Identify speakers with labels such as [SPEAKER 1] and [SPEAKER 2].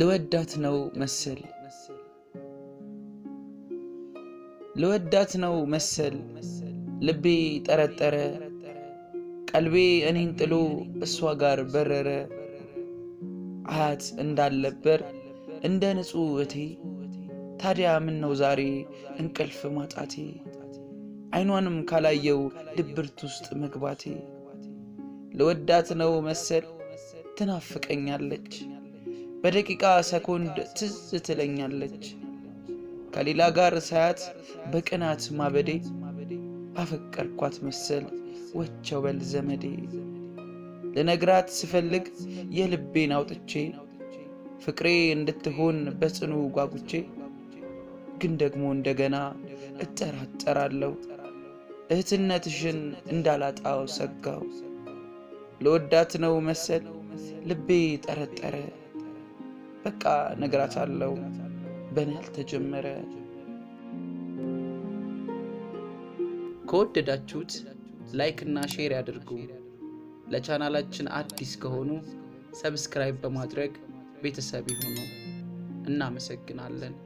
[SPEAKER 1] ልወዳት ነው መሰል ልወዳት ነው መሰል ልቤ ጠረጠረ ቀልቤ እኔን ጥሎ እሷ ጋር በረረ አያት እንዳልነበር እንደ ንጹህ እቴ ታዲያ ምን ነው ዛሬ እንቅልፍ ማጣቴ አይኗንም ካላየው ድብርት ውስጥ መግባቴ ልወዳት ነው መሰል ትናፍቀኛለች በደቂቃ ሰኮንድ ትዝ ትለኛለች። ከሌላ ጋር ሳያት በቅናት ማበዴ አፈቀርኳት መሰል ወቸው በል ዘመዴ። ልነግራት ስፈልግ የልቤን አውጥቼ ፍቅሬ እንድትሆን በጽኑ ጓጉቼ ግን ደግሞ እንደገና እጠራጠራለሁ እህትነትሽን እንዳላጣው ሰጋው። ለወዳት ነው መሰል ልቤ ጠረጠረ። በቃ ነግራታለሁ በእኔ ያልተጀመረ።
[SPEAKER 2] ከወደዳችሁት ላይክ እና ሼር ያድርጉ። ለቻናላችን አዲስ ከሆኑ ሰብስክራይብ በማድረግ ቤተሰብ ይሁኑ። እናመሰግናለን።